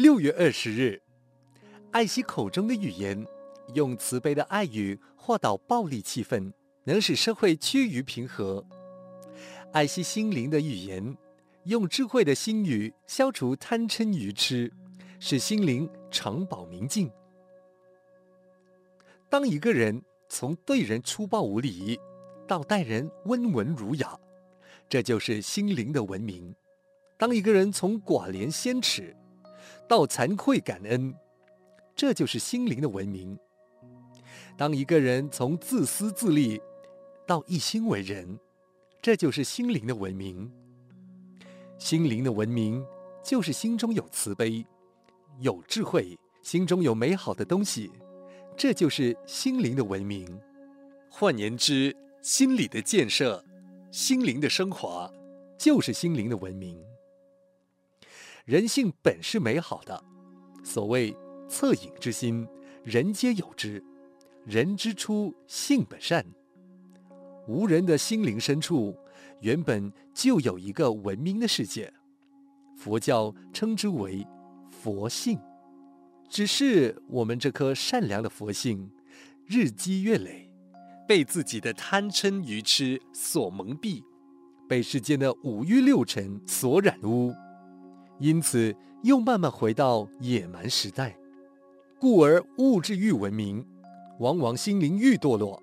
六月二十日，愛惜口中的語言，用慈悲的愛語化導暴力氣氛，能使社會趨於平和；愛惜心靈的語言，用智慧的心語消除貪嗔愚癡，使心靈常保明淨。當一個人從對人粗暴無禮，到待人溫文儒雅，這就是心靈的文明；當一個人從寡廉鮮恥，到慚愧感恩，這就是心靈的文明。當一個人從自私自利到一心為人，這就是心靈的文明。心靈的文明就是心中有慈悲，有智慧，心中有美好的東西，這就是心靈的文明。換言之，心理的建設，心靈的升華，就是心靈的文明。人性本是美好的，所謂惻隱之心，人皆有之。人之初，性本善。吾人的心靈深處，原本就有一個文明的世界。佛教稱之為佛性。只是我們這顆善良的佛性，日積月累，被自己的貪嗔愚癡所蒙蔽，被世間的五欲六塵所染污。因此，又慢慢回到野蠻時代，故而物質愈文明，往往心靈愈墮落。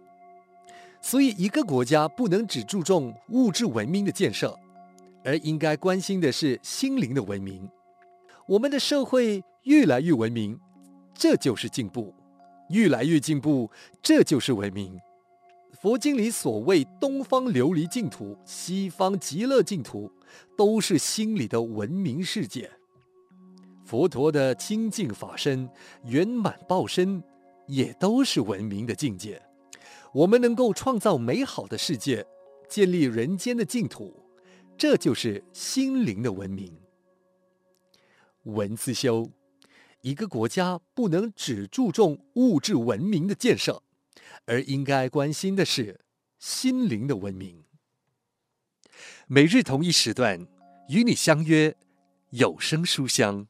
所以，一個國家不能只注重物質文明的建設，而應該關心的是心靈的文明。我們的社會越來越文明，這就是進步；越來越進步，這就是文明。佛經裡所謂“東方琉璃淨土，西方極樂淨土”。都是心裡的文明世界。佛陀的清淨法身、圓滿報身，也都是文明的境界。我們能夠創造美好的世界，建立人間的淨土，這就是心靈的文明。文字修，一個國家不能只注重物質文明的建設，而應該關心的是心靈的文明。每日同一時段，與你相約有聲書香。